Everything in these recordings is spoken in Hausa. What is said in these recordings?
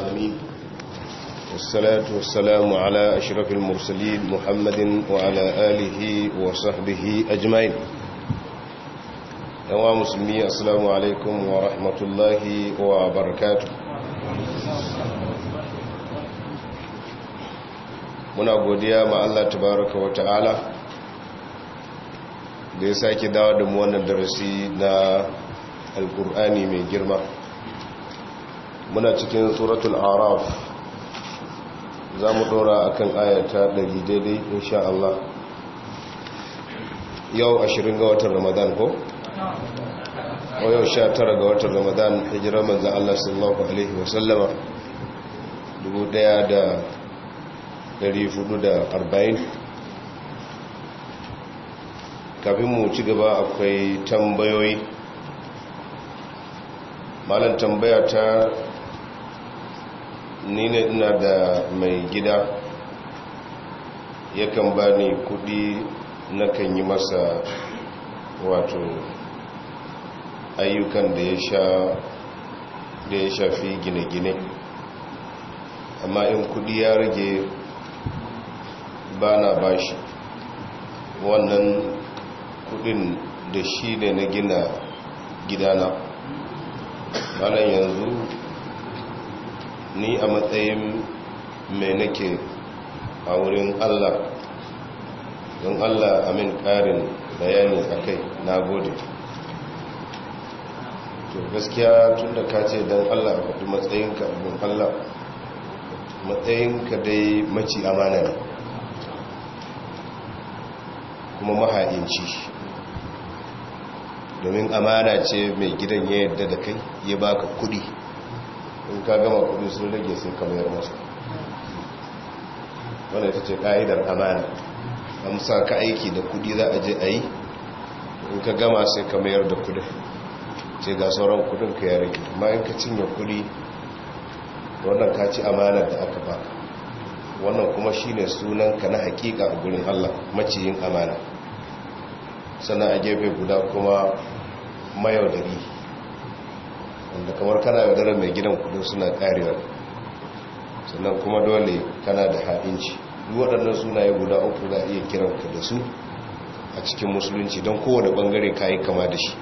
العالمين والصلاة والسلام على أشرف المرسلين محمد وعلى آله وصحبه أجمعين yawa musulmi assalamu alaikum wa rahmatullahi wa barakatu muna godiya ma Allah tabaraka wa ta'ala da ya sake dawo da mu wannan darasi na alkur'ani mai girma muna cikin suratul araf za mu dora a kan ayata ɗari daidai insha Allah yau ashirin ga watan ramadan ko? o yau sha tara ga watan ramadan hijirar manzan Allah sallallahu Alaihi wasallama 1440 kafin mu ci gaba akwai tambayoyi malam tambaya ta ni ne ina da mai gida yakan ba ni kudi na kan yi masa wato ayyukan da ya sha da ya shafi gine-gine amma in kudi ya rage ba na bashi wannan kudin da shi ne na gina gidana wannan yanzu ni a matsayin mai nake a wurin Allah don Allah amin ƙarin bayani a kai na gode to gaskiya tun da ka ce don Allah a faɗi matsayinka abin Allah matsayinka dai maci amana ne kuma maha'inci domin amana ce mai gidan ya yadda da kai ya baka kuɗi in ka gama kudi sun rage sai ka mayar masu wanda ita ce ka'idar amana amsa ka aiki da kudi za a je a yi in ka gama sai ka mayar da kudin ce ga sauran kudin ka ya rage amma in ka cinye kudi wannan ka ci amanar da aka ba wannan kuma shi ne sunan ka na hakika a gurin Allah maciyin amana sannan a gefe guda kuma da rihi wanda kamar kana yaudarar mai gidan kudin suna karewa sannan kuma dole kana da haɗinci waɗannan sunaye guda uku za a iya ka da su a cikin musulunci don kowane ɓangare kayi kama da shi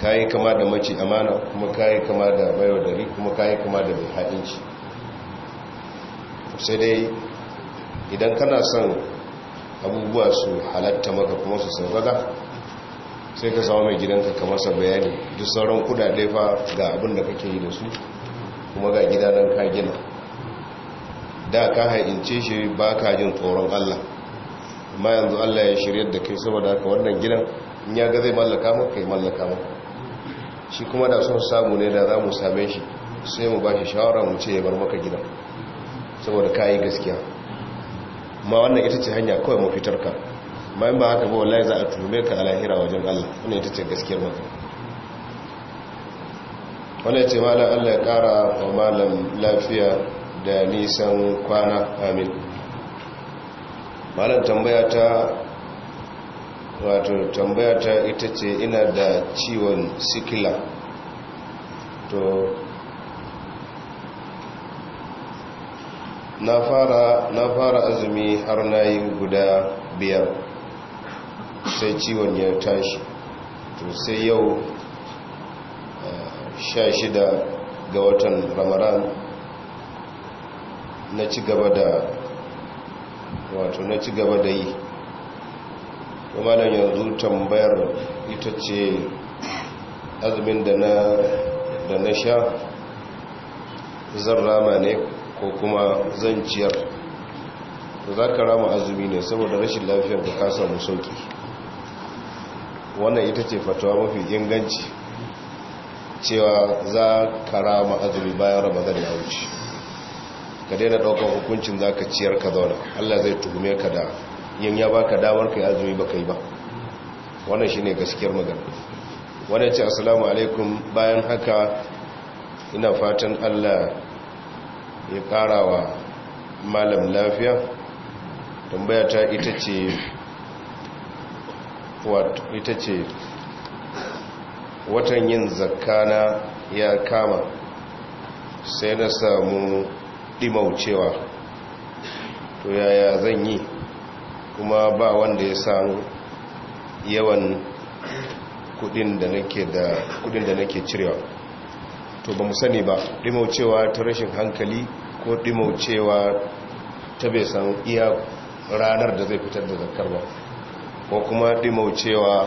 kayi kama da mace amana kuma kayi kama da mayaudari kuma kayi kama da mai haɗinci sai dai idan kana son abubuwa su halatta maka kuma su sauƙaƙa sai ka samu mai gidanka ka masa bayani duk sauran kudade fa ga abin da kake yi da su kuma ga gida nan ka gina da ka haince shi ba ka jin tsoron Allah amma yanzu Allah ya shirya da kai saboda haka wannan gidan in ya ga zai mallaka maka kai mallaka maka shi kuma da son samu ne da za mu same shi sai mu ba shi shawara mu ce ya bar maka gidan saboda ka yi gaskiya ma wannan ita ce hanya kawai mu fitar ka. amma ba haka ba wallahi za a tume ka a lahira wajen Allah wani ita ce gaskiyar maka wani ce na Allah ya kara wa malam lafiya da nisan kwana amin malam tambaya ta wato tambaya ta ita ce ina da ciwon sikila to na fara azumi har na yi guda biyar sai ciwon ya tashi to sai yau 16 eh, ga watan ramadan na ci gaba da wato na ci gaba da yi kuma da yanzu tambayar ita ce azumin da na sha zan rama ne ko kuma zan ciyar za ka rama azumi ne saboda rashin lafiyar da kasa samu sauki wannan ita ce fatawa mafi inganci cewa za ka rama azumi bayan ramadan ya wuce ka daina ɗaukar hukuncin za ka ciyar ka zauna allah zai tuhume ka da yin ya baka damar ka yi azumi ba yi ba wannan shi ne gaskiyar magana wannan ce assalamu alaikum bayan haka ina fatan allah ya kara wa malam lafiya tambaya ta ita ce wato ita ce watan yin zakana ya kama sai na samu dimaucewa to yaya zan yi kuma ba wanda ya san yawan kudin da nake da nake cirewa to ba mu sani ba dimaucewa ta rashin hankali ko dimaucewa ta bai san iya ranar da zai fitar da zakar ba ko kuma dimaucewa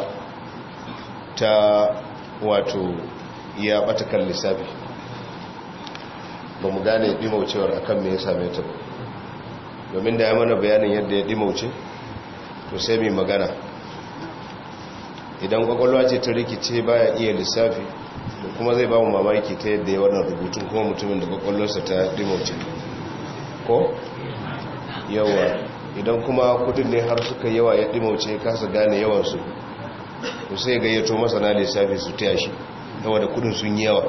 ta wato ya kan lissafi ba mu gane dimaucewar akan me ya same ta domin da ya mana bayanin yadda ya dimauce to sai mai magana idan kwakwalwa ce ta rikice baya iya lissafi da kuma zai ba mu mamaki ta yadda ya wannan rubutun kuma mutumin da kwakwalwarsa ta dimauce ko yawa idan kuma kudin ne har suka yawa ya dimauce kasa gane yawansu ku sai gayyato masana lissafi su taya shi yawa da kudin sun yi yawa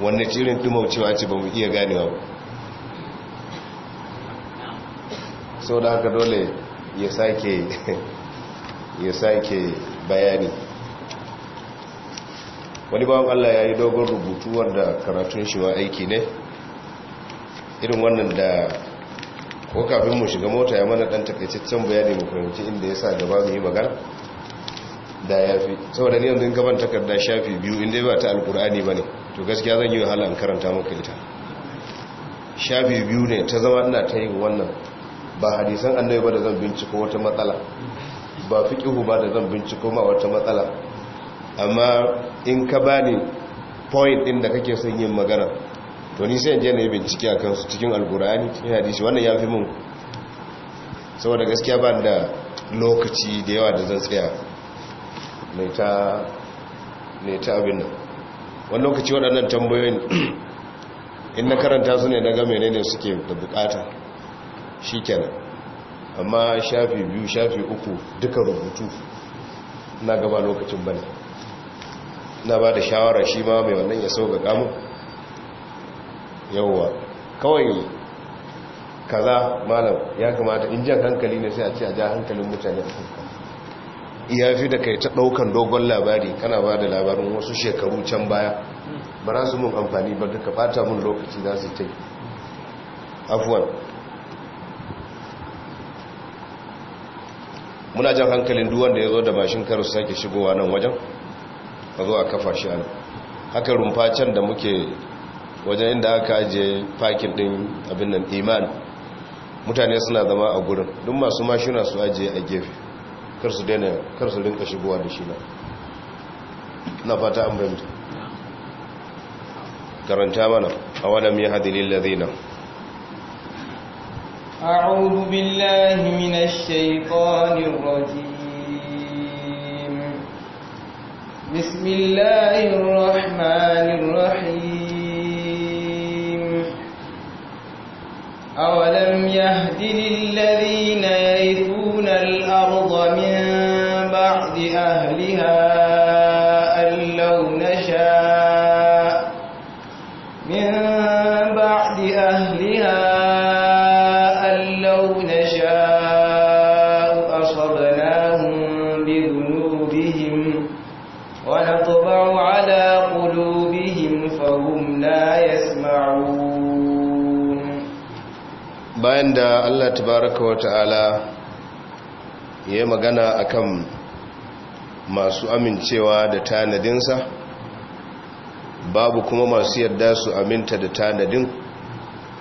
wanda cirin dimaucewa ce ba mu iya ganewa ba sau da haka dole ya sake ya sake bayani wani bawan allah ya yi dogon rubutu wanda karatun shi wa aiki ne irin wannan da ko kafin mu shiga mota ya mana dan takaitaccen bayani mu fahimci inda yasa gaba mu yi magana da yafi saboda ni yanzu in gaban takarda shafi biyu inda ba ta alkur'ani bane to gaskiya zan yi wahala in karanta maka ita shafi biyu ne ta zama ina ta yi wannan ba hadisan annabi ba da zan binciko wata matsala ba fiqihu ba da zan binciko ma wata matsala amma in ka bani point din da kake son yin magana to ni sai je na yi bincike a su cikin alqur'ani cikin hadisi wannan ya fi mun saboda gaskiya ba da lokaci da yawa da zan tsaya mai ta abin nan wani lokaci waɗannan tambayoyin in na karanta su ne na ga menene suke da bukata shi kenan amma shafi biyu shafi uku duka rubutu na gaba lokacin bane na ba da shawara shi ma mai wannan ya sauka kamun yauwa kawai kaza malam ya kamata in jan hankali ne sai a ce a ja hankalin mutane ya fi da kai ta ɗaukan dogon labari kana ba da labarin wasu shekaru can baya ba za su mun amfani ba duka bata mun lokaci za su tai afuwan muna jan hankalin duwanda ya zo da mashin karu sake shigowa nan wajen a zo a kafa shi haka rumfa can da muke wajen inda aka ajiye fakin din abin nan iman mutane suna zama a gurin duk masu mashina su ajiye a gefe kar su daina kar su rinka shigowa da shi na na fata an bayyana karanta mana a walam yahdilil ladina أعوذ بالله من الشيطان الرجيم بسم الله الرحمن tabaraka wa ta'ala ya magana akan masu amincewa da tanadinsa babu kuma masu yadda su aminta da tanadin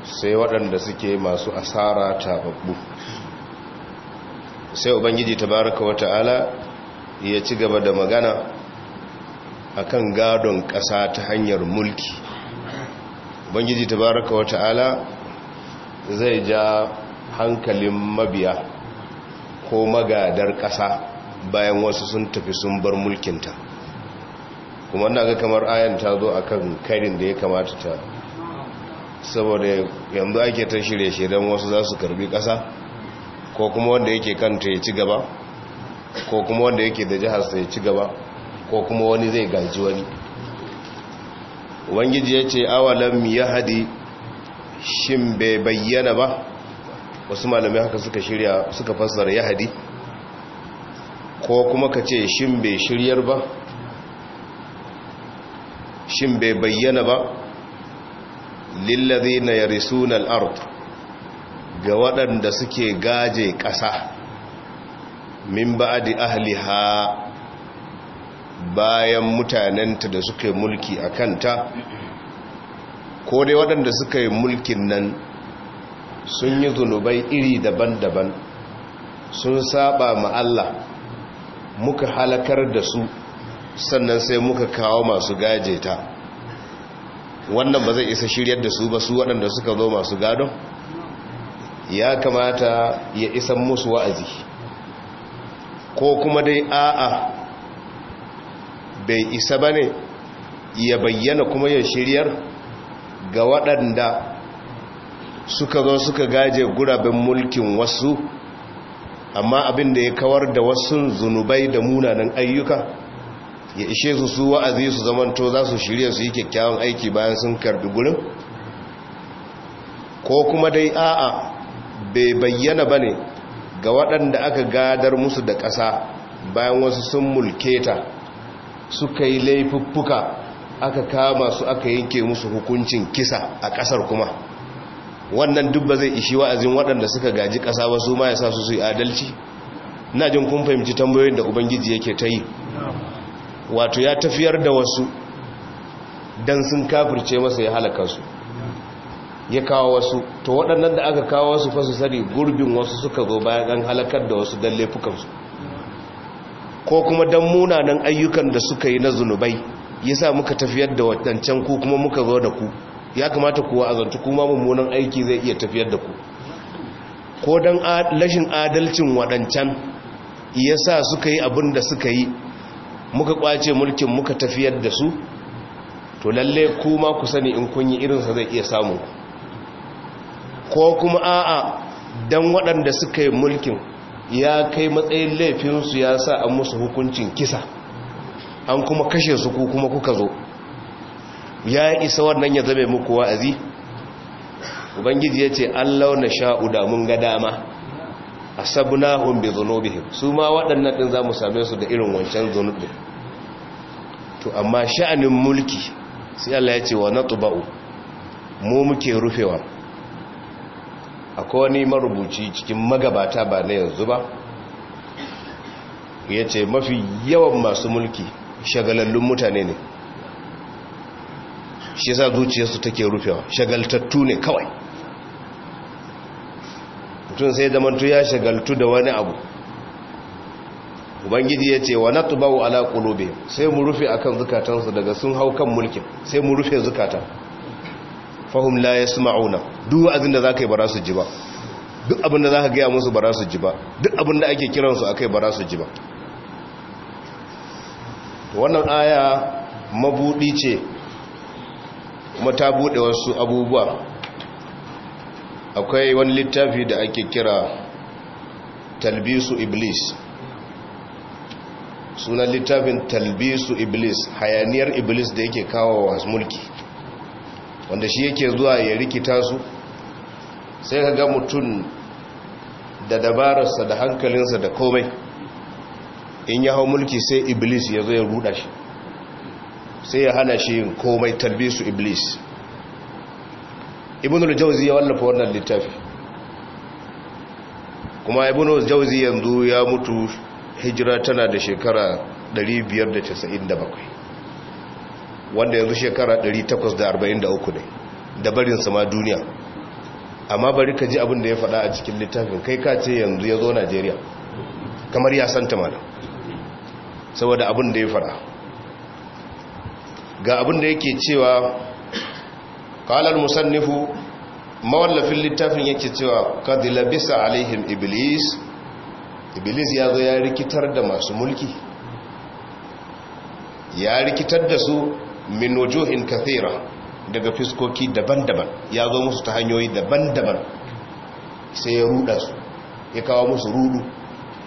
sai waɗanda suke masu asara ta babbu sai ubangiji tabaraka wa ya ci gaba da magana akan gadon ƙasa ta hanyar mulki ubangiji tabaraka wa zai ja hankalin mabiya ko magadar ƙasa bayan wasu sun tafi sun bar mulkinta kuma na ga kamar ayan ta zo a kan karin da ya kamata ta saboda yanzu ake ta shirya shiryen wasu za su karbi ƙasa ko kuma wanda yake kanta ya ci gaba ko kuma wanda yake da jiharsa ya ci gaba ko kuma wani zai gaji wani ubangiji ya ce awalan ya hadi shin bai bayyana ba wasu malamai haka suka shirya suka fassara yahadi ko kuma ka ce shin bai shiryar ba shin bai bayyana ba lillazi na yarisunan art ga waɗanda suke gaje ƙasa min ba'adi ahliha bayan mutanenta da suke mulki a kanta ko dai waɗanda suka yi mulkin nan sun yi zunubai iri daban-daban sun saba ma Allah muka halakar da su sannan sai muka kawo masu gaje ta wannan ba zai isa shiryar da su ba su waɗanda suka zo masu gadon ya kamata ya isan musu wa'azi ko kuma dai a'a bai isa ba ne ya bayyana kuma ya shiryar ga waɗanda suka zo suka gaje guraben mulkin wasu amma abin da ya kawar da wasu zunubai da munanan ayyuka ya ishe su su wa'azi su zamanto za su shirya su yi kyakkyawan aiki bayan sun karbi gurin ko kuma dai a'a bai bayyana ba ne ga waɗanda aka gadar musu da ƙasa bayan wasu sun mulketa suka yi laifuffuka aka kama su aka yanke musu hukuncin kisa a ƙasar kuma wannan dubba zai ishi wa'azin waɗanda suka gaji ƙasa ba su ma ya sa su su yi adalci na jin kun fahimci tambayoyin da ubangiji yake ta yi wato ya tafiyar da wasu don sun kafirce masa ya halaka su ya kawo wasu to waɗannan da aka kawo wasu fasu sani gurbin wasu suka zo bayan halakar da wasu don laifukansu ko kuma don munanan ayyukan da suka yi na zunubai ya sa muka tafiyar da waɗancan ku kuma muka zo da ku ya kamata kuwa azantu kuma mummunan aiki zai iya tafiyar da ku ko don lashin adalcin waɗancan sa suka yi abin da suka yi muka ƙwace mulkin muka tafiyar da su to lalle kuma ku sani in kunyi irin irinsa zai iya samu ko kuma a'a don waɗanda suka yi mulkin ya kai matsayin laifinsu ya sa an musu hukuncin kisa an kuma kashe su ku kuma kuka zo ya isa wannan ya zame muku wa'azi ubangiji ya ce an launa sha'u da mun ga dama a sabuna hunbe zunobihim su ma waɗannan ɗin za mu same su da irin wancan ɗin. to amma sha'anin mulki sai Allah ya ce wa na tuba’u mu muke rufewa a wani marubuci cikin magabata ba na yanzu ba ya ce mafi yawan masu mulki shagalallun mutane ne shi yasa zuciyarsu take rufewa shagaltattu ne kawai mutum sai da zamantu ya shagaltu da wani abu ubangiji ya ce wa na tuba wa alaƙulobe sai mu rufe akan zukatansu daga sun hau kan mulkin sai mu rufe zukatan fahim la ya sma'una duk azin da za ka yi ba su ji duk abin da za ka gaya musu ba su ji duk abin da ake kiransu a kai ba su ji wannan aya mabuɗi ce kuma ta bude wasu abubuwa akwai wani littafi da ake kira talbisu iblis sunan littafin talbisu iblis hayaniyar iblis da yake kawo wa mulki wanda shi yake zuwa ya rikita su sai ka ga mutum da dabararsa da hankalinsa da komai in ya hau mulki sai iblis ya zo ya ruda shi sai ya hana shi yin komai talbisu iblis al-jawzi ya wallafa wannan littafi kuma al-jawzi yanzu ya mutu hijira tana da shekara 597 wanda yanzu shekara 843 ne da barinsa ma duniya amma bari ka ji abin da ya faɗa a cikin littafin kai ka ce yanzu ya zo najeriya kamar ya santa mana saboda abin da ya faɗa ga abin da yake cewa kalar musannifu mawallafin littafin yake cewa kad bisa alaihim iblis iblis ya zo ya rikitar da masu mulki ya rikitar da su min wujuhin kathira daga fiskoki daban-daban ya zo musu ta hanyoyi daban-daban sai ya ruda su ya kawo musu rudu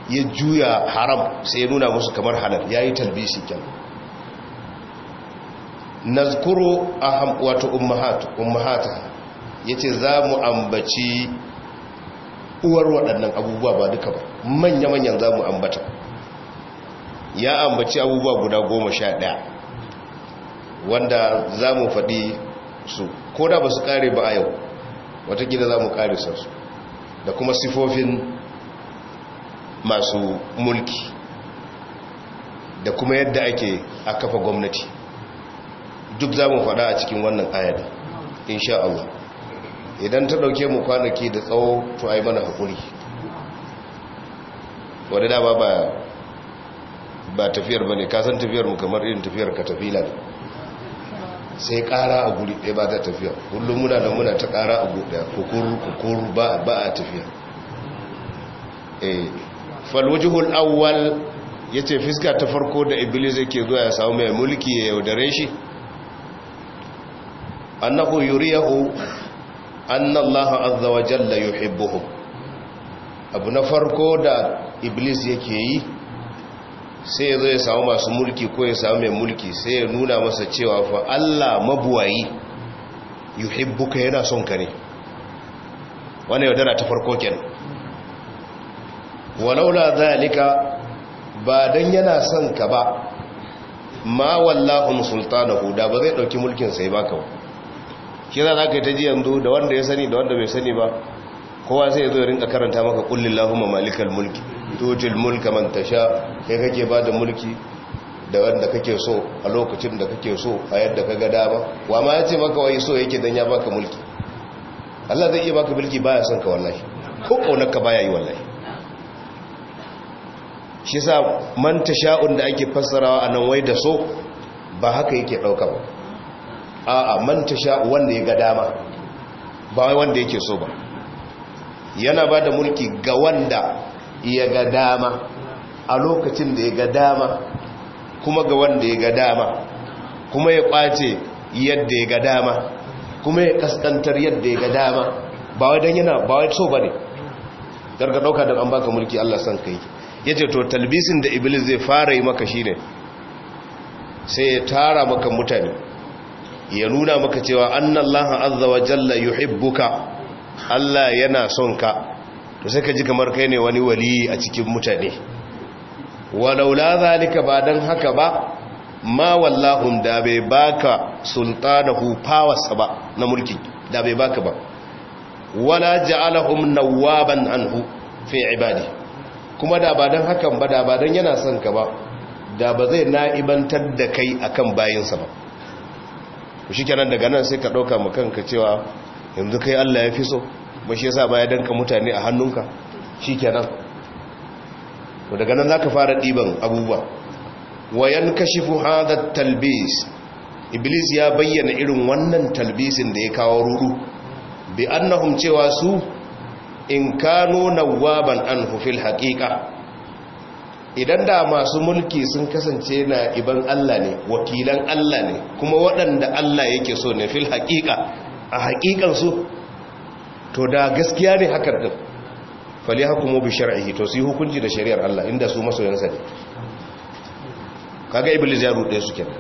ya juya haram sai ya nuna musu kamar halal ya yi talbisi kenan nazkuru aham wato ummahat ummahata yace za mu ambaci uwar waɗannan abubuwa ba duka ba manya-manyan za mu ambata ya ambaci abubuwa guda goma sha ɗaya wanda za mu faɗi su ko da ba su ƙare ba a yau wata za mu kare su da kuma sifofin masu mulki da kuma yadda ake a kafa gwamnati duk za mu faɗa a cikin wannan ayar insha Allah idan ta ɗauke mu kwanaki da tsawo to ai mana haƙuri wadda dama ba ba tafiyar ba ne kasan tafiyar mu kamar irin tafiyar ka tafila ne sai ƙara a guri ɗaya ba ta tafiya kullum muna da muna ta ƙara a guri ɗaya kukuru kukuru ba a tafiya eh, falwajihul awwal ya ce fiska ta farko da iblis yake zuwa ya samu mai mulki ya yaudare shi annahu yuriyahu anna Allah azza wa jalla yuhibbuhum abu na farko da iblis yake yi sai zai ya samu masu mulki ko ya samu mai mulki sai ya nuna masa cewa fa Allah mabuwayi yuhibbuka yana son ka ne wannan yaudara ta farko kenan walaula zalika ba dan yana son ka ba ma wallahu sultanahu da ba zai dauki mulkin sai ba kawai shi za ka yi ta ji yanzu da wanda ya sani da wanda bai sani ba kowa sai ya zo rinka karanta maka kullin lahuma malikar mulki tutul mulka man tasha kai kake ba da mulki da wanda kake so a lokacin da kake so a yadda ka gada dama wa ma ya ce maka wai so yake dan ya baka mulki Allah zai iya baka mulki baya son ka wallahi ko kaunar ka baya yi wallahi shi sa man tasha'un da ake fassarawa a nan wai da so ba haka yake dauka ba a'a manta sha wanda ya ga dama ba wanda yake so ba yana ba da mulki ga wanda ya ga dama a lokacin da ya ga dama kuma ga wanda ya ga dama kuma ya kwace yadda ya ga dama kuma ya kaskantar yadda ya ga dama ba wai dan yana ba wai so bane garga dauka da an baka mulki Allah san kai yace to talbisin da iblis zai fara yi maka shine sai ya tara maka mutane ya nuna maka cewa annallaha azza wa jalla yuhibbuka Allah yana son ka to sai ka ji kamar kai ne wani wali a cikin mutane laula zalika ba dan haka ba ma wallahun da bai baka sultanahu powers ba na mulki da bai baka ba wala ja'alahum nawaban anhu fi ibadi kuma da ba dan hakan ba da ba dan yana son ka ba da ba zai na'ibantar da kai akan bayinsa ba ku shi kenan daga nan sai ka ɗauka ma kanka cewa yanzu kai allah ya fi so ba shi yasa ya danka mutane a hannunka shi kenan to daga nan za ka fara ɗiban abubuwa wayan kashifu hada talbis iblis ya bayyana irin wannan talbisin da ya kawo rudu bi annahum cewa su in kano waban anhu fil haqiqa idan da masu mulki sun kasance na iban Allah ne wakilan Allah ne kuma waɗanda Allah yake so ne fil haƙiƙa a haƙiƙansu to da gaskiya ne hakan din fali hakumu bi shar'ihi to su hukunci da shari'ar Allah inda su masoyansa ne kaga iblis ya ruɗe su kenan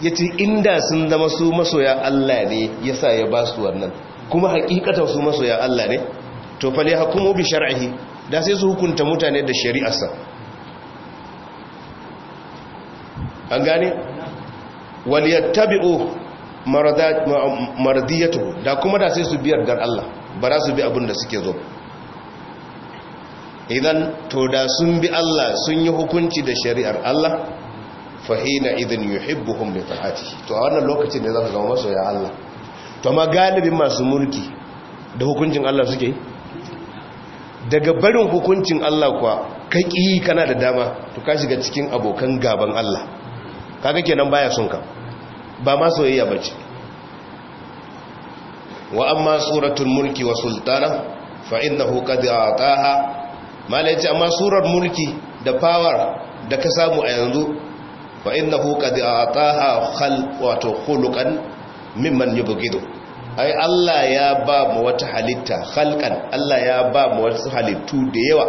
yace inda sun zama su masoya Allah ne yasa ya ba su wannan kuma haƙiƙatan su masoya Allah ne to fali hakumu bi shar'ihi da sai su hukunta mutane da shari'arsa an gane waliyattabi'u maradiyatu da kuma da sai su biyar dan Allah ba za su bi abin da suke zo idan to da sun bi Allah sun yi hukunci da shari'ar Allah fahina idan yuhibbuhum li ta'ati to a wannan lokacin ne za su zama masoya Allah to ma galibin masu mulki da hukuncin Allah suke daga barin hukuncin Allah kuwa kai kana da dama to ka shiga cikin abokan gaban Allah ke kenan baya son ka ba ma soyayya bace wa amma suratul mulki wa sultana fa innahu qad ataha malai ce amma surar mulki da power da ka samu a yanzu fa innahu qad ataha khal wato khuluqan mimman yubghidu ai Allah ya ba mu wata halitta halkan Allah ya ba mu wasu halittu da yawa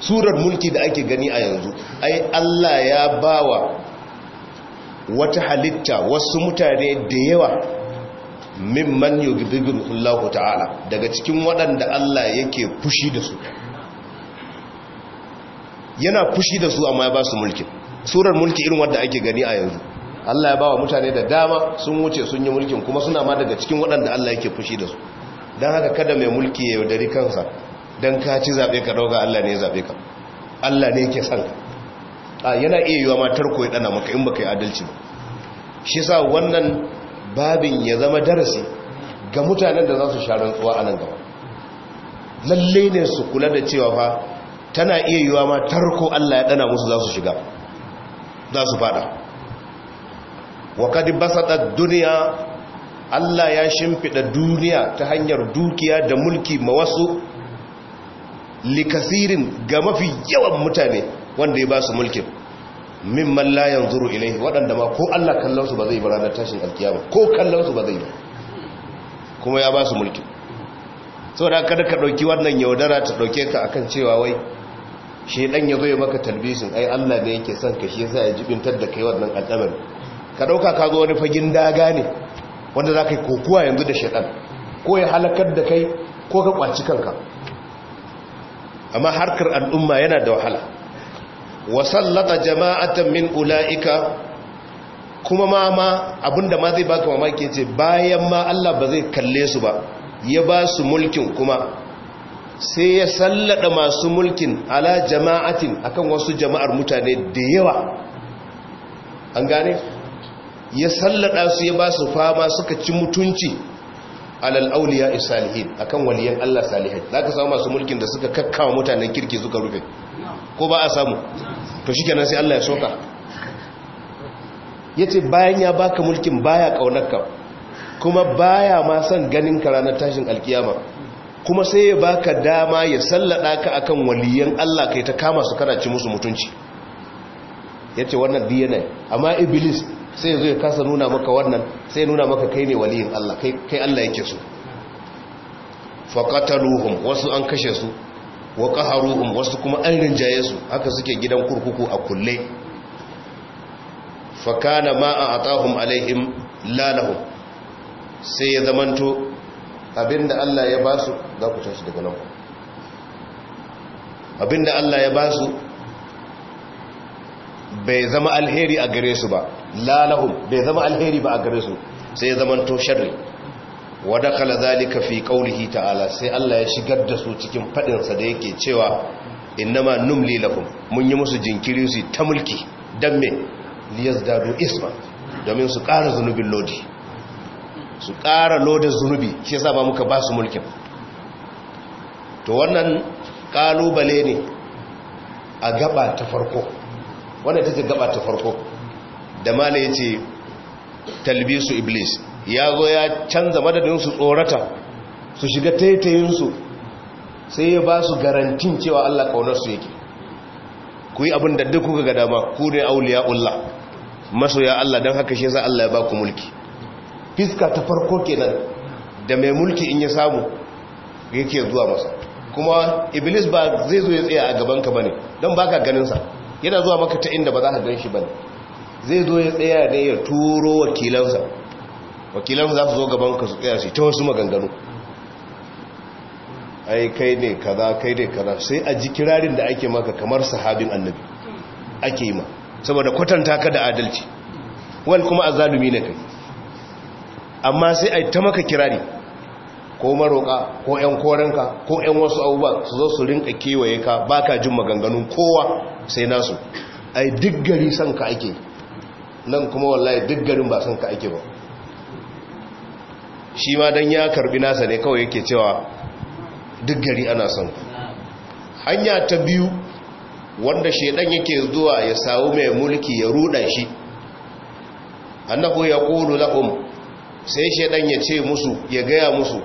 surar mulki da ake gani a yanzu ai Allah ya bawa wata halitta wasu mutane da yawa mimman yughdhibullahu ta'ala daga cikin waɗanda Allah yake fushi da su yana fushi da su amma ya ba su mulki surar mulki irin wanda ake gani a yanzu Allah ya bawa mutane da dama sun wuce sun yi mulkin kuma suna ma daga cikin waɗanda Allah yake fushi da su don haka kada mai mulki ya yaudari kansa don ka ci zaɓe ka ɗauka Allah ne ya zaɓe ka Allah ne ke san a yana iya yiwa matar koyi ɗana maka in baka yi adalci ba shi sa wannan babin ya zama darasi ga mutanen da za su sha rantsuwa a nan gaba lalle ne su kula da cewa fa tana iya yiwa ma tarko Allah ya ɗana musu za su shiga za su fada wa kadi basata duniya Allah ya shimfiɗa duniya ta hanyar dukiya da mulki ma wasu likasirin ga mafi yawan mutane wanda ya ba su mulkin min mallayan zuru ilai waɗanda ma ko Allah kallonsu ba zai ba ranar tashin alkiyama ko kallonsu ba zai kuma ya ba su mulkin so da kada ka ɗauki wannan yaudara ta ɗauke ka akan cewa wai shi ɗan ya zo maka talbisin ai Allah ne yake son ka shi yasa ya jibintar da kai wannan al'amari ka ɗauka ka zo wani fagin daga ne wanda za ka yi kokuwa yanzu da shaɗan ko ya halakar da kai ko ka ƙwaci kanka amma harkar al'umma yana da wahala wasallata jama'atan min ula'ika kuma ma ma abinda ma zai baka mamaki ce bayan ma Allah ba zai kalle su ba ya ba su mulkin kuma sai ya sallada masu mulkin ala jama'atin akan wasu jama'ar mutane da yawa an gane ya sallada su ya ba su fama suka ci mutunci alal auliya salihin akan waliyan Allah za zaka samu masu mulkin da suka kakkawa mutanen kirki suka rufe ko ba a samu to shikenan sai Allah ya soka yace bayan ya baka mulkin baya kaunarka kuma baya ma san ganin ka ranar tashin alkiyama kuma sai ya baka dama ya sallada ka akan waliyan Allah kai ta kama su kana ci musu mutunci yace wannan diyana amma iblis sai zai zo ya kasa nuna maka wannan sai nuna maka kai ne waliyin Allah kai Allah yake so faqataluhum wasu an kashe su wa qaharuhum wasu kuma an rinjaye su haka suke gidan kurkuku a kulle fakana ma a atahum alaihim lalahum sai ya zamanto abinda Allah ya ba su za ku tashi daga nan abinda Allah ya ba su bai zama alheri a gare su ba lalahum bai zama alheri ba a gare su sai zaman to sharri wada kala zalika fi qaulihi ta'ala sai Allah ya shigar da su cikin fadin sa da yake cewa innama numli lahum mun yi musu jinkiri su ta mulki dan me liyazdadu isma domin su ƙara zunubin lodi su ƙara lodin zunubi shi yasa ba muka ba su mulkin to wannan kalubale ne a gaba ta farko wannan ita ce gaba ta farko da mala ya ce talbisu iblis ya zo ya canza madadin madadinsu tsorata su shiga taitayinsu sai ya ba su garantin cewa Allah kaunarsu yake ku yi abin da duk kuka ga dama ku ne auliya Allah masoya Allah don haka shi za Allah ya ba ku mulki fiska ta farko kenan da mai mulki in ya samu yake zuwa masa kuma iblis ba zai zo ya tsaya a gabanka ka ne don ba ka ganinsa. yana zuwa maka ta inda ba za ka gan shi ne. zai zo ya tsaya ne ya turo wakilansa wakilansa za su zo gaban ka su tsaya su ta wasu maganganu ai kai ne kaza kai ne kaza sai a ji kirarin da ake maka kamar sahabin annabi ake yi ma saboda kwatanta ka da adalci wani kuma a zalumi na kai amma sai a ta maka kirari ko maroka ko 'yan korenka ko 'yan wasu abubuwa su zo su rinka kewaye ka baka jin maganganun kowa sai nasu ai duk gari sanka ka ake nan kuma wallahi duk garin ba san ka ake ba shi ma dan ya karbi nasa ne kawai yake cewa duk gari ana son hanya ta biyu wanda shedan yake zuwa ya samu mai mulki ya ruda shi ya yaqulu lahum sai shedan ya ce musu ya gaya musu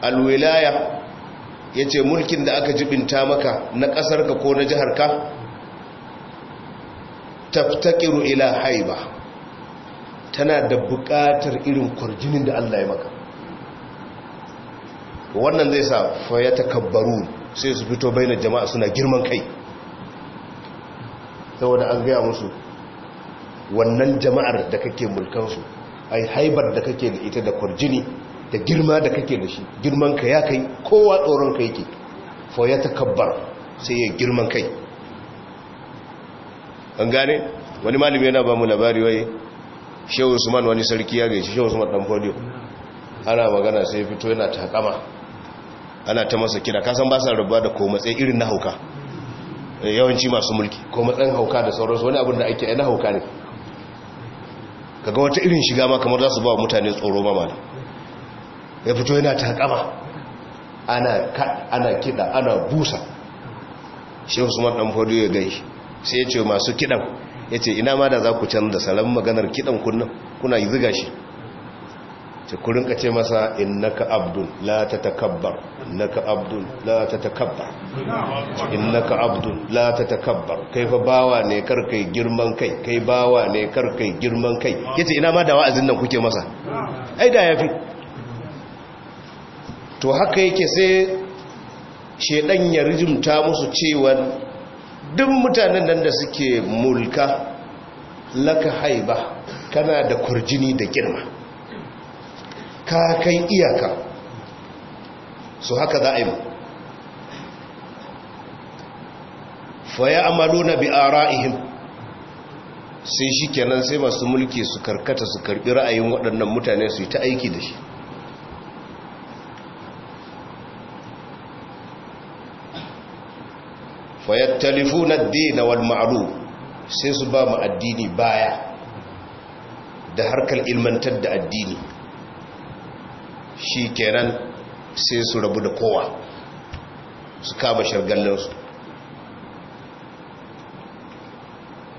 alwilaya yace mulkin da aka jibinta maka na ƙasarka ko na ka? taftakiru ila haiba tana da buƙatar irin kwarjinin da Allah ya maka wannan zai sa fa ya takabbaru sai su fito na jama'a suna girman kai saboda an gaya musu wannan jama'ar da kake mulkansu ai haibar da kake da ita da kwarjini da girma da kake da shi girman ka ya kai kowa tsoron ka yake fa ya takabbar sai ya girman kai an gane wani malami yana ba mu labari wai shehu usman wani sarki ya gaishe shehu usman dan ana magana sai fito yana takama ana ta masa kira kasan ba sa rubuwa da ko matsayi irin na hauka eh, yawanci masu mulki ko matsayin hauka da sauransu wani abin da ake na hauka ne kaga wata irin shiga ma kamar za su ba wa mutane tsoro ma mali ya fito yana takama ana kiɗa ana busa shehu usman dan ya gaishe sai ya ce masu kidan ya ce ina ma da za ku canza salon maganar kidan kunnan kuna yi ziga shi ce kurin ka ce masa innaka abdul la tatakabbar innaka abdul la tatakabbar innaka abdul la tatakabbar kai fa bawa ne kar kai girman kai kai bawa ne kar kai girman kai yace ina ma da wa'azin nan kuke masa ai da yafi to haka yake sai shedan ya rijimta musu cewa duk mutanen nan da suke mulka laka haiba kana da kurjini da girma ka kai iyaka su haka za a yi ya amalu na sai shi kenan sai masu mulki su karkata su karbi ra'ayin waɗannan mutane su yi ta aiki da shi fayattalifu na dina wal ma'alu sai su ba mu addini baya da harkar ilmantar da addini shi kenan sai su rabu da kowa su kama shargallinsu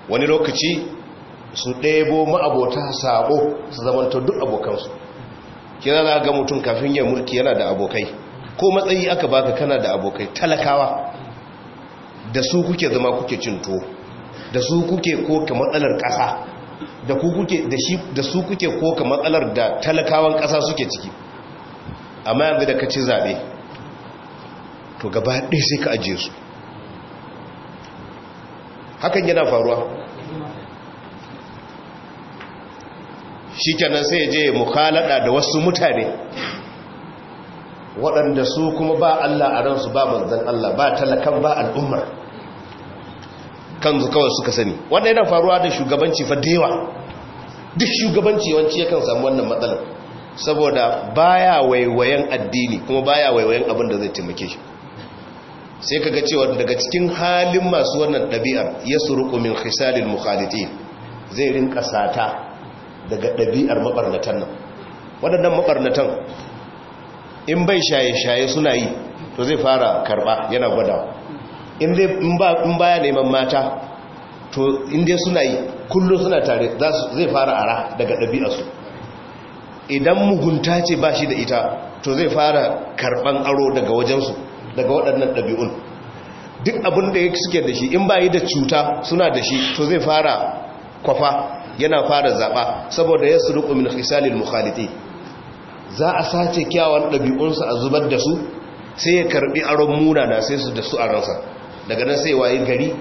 wani lokaci su ɗebo ma'abota sabo su zamanta duk abokansu kira na ga mutum kafin yin mulki yana da abokai ko matsayi aka baka kana da abokai talakawa da su kuke zama kuke cinto da su kuke koka matsalar ƙasa da su kuke koka matsalar da talakawan ƙasa suke ciki amma yanzu da ka ci zaɓe to gaba ɗaya sai ka aje su hakan yana faruwa shi kenan sai je mukhalada da wasu mutane waɗanda su kuma ba Allah a ransu ba manzan Allah ba talakan ba al'ummar kanzu kawai suka sani wanda yana faruwa da shugabanci fa dewa duk shugabanci wanci yakan samu wannan matsalar saboda baya waiwayen addini kuma baya waiwayen abin da zai taimake shi sai kaga cewa daga cikin halin masu wannan ɗabi'ar ya min khisalil mukhalitin zai rinka sata daga ɗabi'ar mabarnatan nan Wadannan mabarnatan in bai shaye-shaye suna yi to zai fara karɓa yana gwadawa in baya neman mata to inda suna yi kullum suna tare zai fara ara daga ɗabi'arsu idan mugunta ce ba shi da ita to zai fara karɓan aro daga wajensu daga waɗannan ɗabi'un duk abin da suke da shi in ba yi da cuta suna da shi to zai fara kwafa yana fara zaɓa saboda ya suruku min hisalin mukhaliti za a sace kyawan ɗabi'unsu a zubar da su sai ya karɓi aron muna na sai su da su a ransa daga nan sai waye gari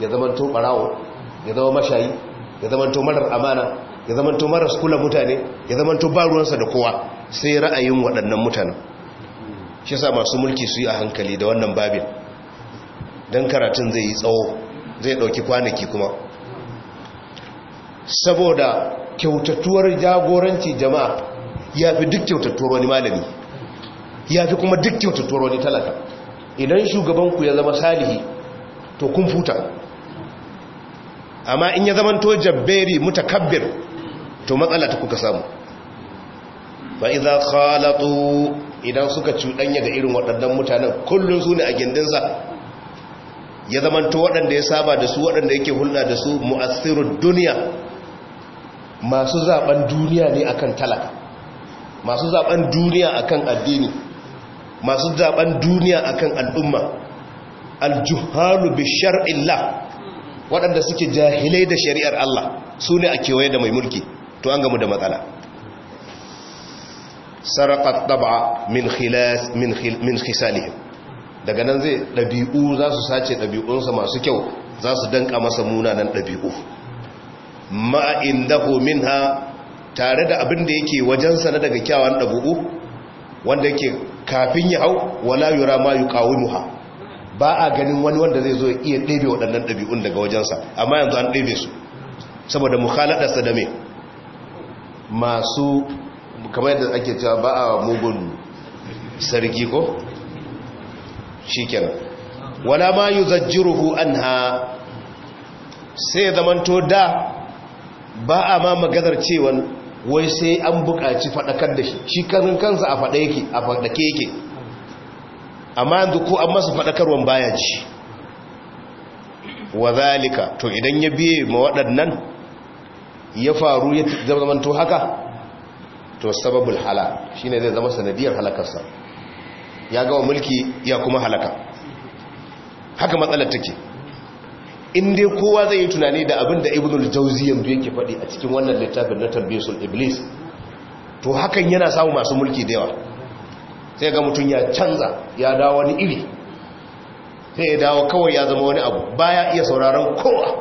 ya zamanto barawo ya zama mashayi ya zamanto marar amana ya zamanto marar kula mutane ya zamanto ba ruwansa da kowa sai ra'ayin waɗannan mutanen shi sa masu mulki su yi a hankali da wannan babin don karatun zai yi tsawo zai ɗauki kwanaki kuma saboda kyautatuwar jagoranci jama'a ya fi duk kyautattuwar wani malami ya fi kuma duk kyautattuwar wani talaka idan shugabanku ya zama salihi to kun futa amma in ya zama to jabberi mutakabbir to matsala ta kuka samu fa idza khalatu idan suka cudanya ga irin waɗannan mutanen kullun su ne a gindinsa ya zama to waɗanda ya saba da su waɗanda yake hulɗa da su mu'assirud duniya masu zaben duniya ne akan talaka masu zaben duniya akan addini masu zaben duniya akan al'umma aljuhalu bi shar'illah waɗanda suke jahilai da shari'ar Allah su ne a kewaye da mai mulki to an gamu da matsala sarakat taba min khilas min khisalihim daga nan zai ɗabi'u za su sace ɗabi'unsa masu kyau za su danka masa munanan ɗabi'u ma'in dahu minha tare da abin da yake wajensa na daga kyawan ɗabi'u wanda yake kafin ya hau wala yura ma yuqawimuha ba a ganin wani wanda zai zo ya iya ɗebe waɗannan ɗabi'un daga wajensa amma yanzu an ɗebe su saboda sa da me masu kamar yadda ake cewa ba a mugun sarki ko shikenan wala ma yuzajjiruhu anha sai zamanto da ba a ma maganar cewa wai sai an bukaci faɗakar da shi shi karin kansa a faɗa yake a amma yanzu ko an masa faɗakarwan baya ci wa zalika to idan ya biye ma waɗannan ya faru ya zamanto haka to sababul hala ne zai zama sanadiyar halakarsa ya gawa mulki ya kuma halaka haka matsalar take in dai kowa zai yi tunani da abin da ibnul jauziyan da yake faɗi a cikin wannan littafin na tambisul iblis to hakan yana samu masu mulki da yawa sai ga mutum ya canza ya dawo wani iri sai ya dawo kawai ya zama wani abu baya iya sauraron kowa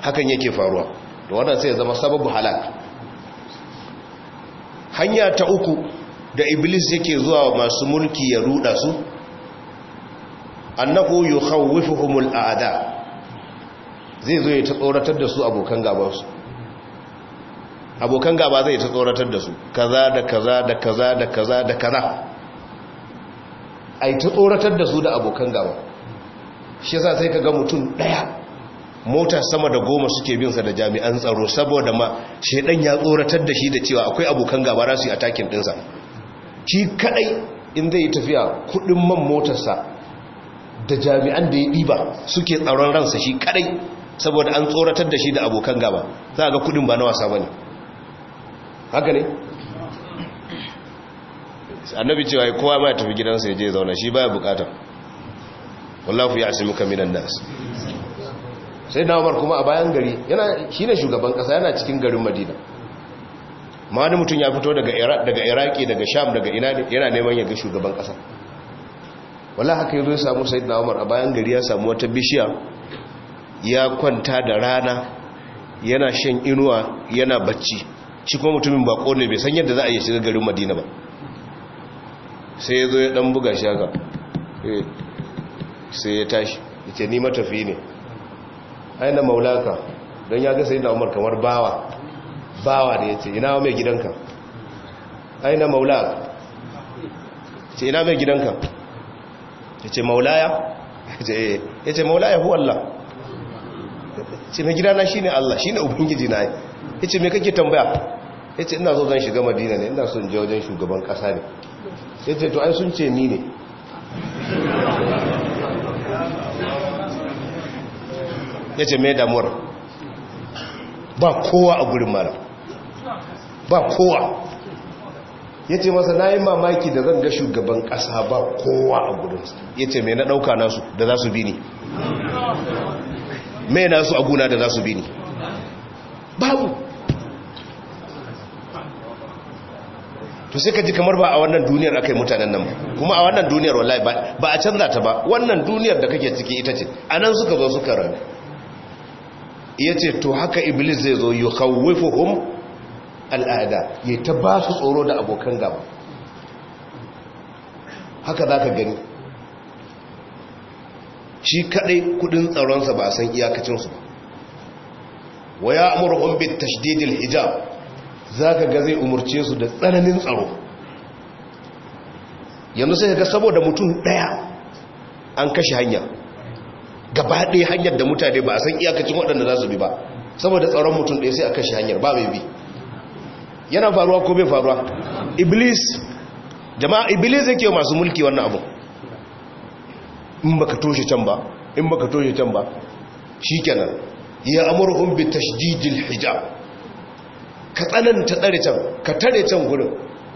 hakan yake faruwa da wannan sai ya zama sababu halak hanya ta uku da iblis yake zuwa masu mulki ya ruda su annahu yukhawwifuhumul a'da zai zo ya tsoratar da su abokan gaba su abokan gaba zai ta tsoratar da su kaza da kaza da kaza da kaza da kaza ai ta tsoratar da su da abokan gaba shi yasa sai kaga mutum daya mota sama da goma suke bin sa da jami'an tsaro saboda ma shedan ya tsoratar da shi da cewa akwai abokan gaba rasu a takin attacking din sa shi kadai in zai yi tafiya kudin man motarsa da jami'an da ya ɗiba suke tsaron ransa shi kadai saboda an tsoratar da shi da abokan gaba za a ga kudin ba na wasa ba ne haka ne annabi cewa ya kowa ba ya tafi gidansa ya je zauna shi baya bukata wallafu ya asimu kaminan nas sai na umar kuma a bayan gari yana shi ne shugaban kasa yana cikin garin madina ma wani mutum ya fito daga iraki daga sham daga ina yana neman ya ga shugaban kasa wala haka zo ya samu sayyidina Umar a bayan gari ya samu wata bishiya ya kwanta da rana yana shan inuwa yana bacci shi kuma mutumin bako ne bai san yadda za a yi shiga garin Madina ba sai ya zo ya dan buga shaka eh, sai ya tashi yace ni matafi ne aina maulaka don ya ga sayyidina Umar kamar bawa bawa ne ce ina mai gidanka aina maulaka ce ina mai gidanka ya ce maulaya ya ce eh. maulaya huwa Allah ce mai gidana shi ne Allah shi ne ubangiji na ya ce mai kake tambaya ya ce ina so zan shiga madina ne ina son je wajen shugaban kasa ne ya ce to ai sun ce ni ne ya ce mai damuwar ba kowa a gurin mara ba kowa ya ce masa na yi mamaki da zan ga shugaban ƙasa ba kowa a gudunsa ya ce mai na ɗauka nasu da za su bi ni mai nasu a guna da za su bi ni babu to sai ka ji kamar ba a wannan duniyar aka yi mutanen nan kuma a wannan duniyar wallahi ba a canza ta ba wannan duniyar da kake ciki ita ce a nan suka zo suka rami ya ce to haka iblis zai zo yi kawwifuhum al'ada ya ta ba su tsoro da abokan gaba haka za ka gani shi kaɗai kudin tsaronsa ba a san iyakacinsu ba wa ya amur bit tashdidil hijab za ka ga zai umarce su da tsananin tsaro yanzu sai ga saboda mutum ɗaya an kashe hanya gaba ɗaya hanyar da mutane ba a san iyakacin waɗanda za su bi ba saboda tsaron mutum ɗaya sai a kashe hanyar ba mai bi yana faruwa ko bai faruwa iblis jama'a iblis yake masu mulki wannan abu in baka toshe can ba in baka toshe can ba shikenan ya amurhum bi tashdidil hijab ka tsananta tsare can ka tare can gurin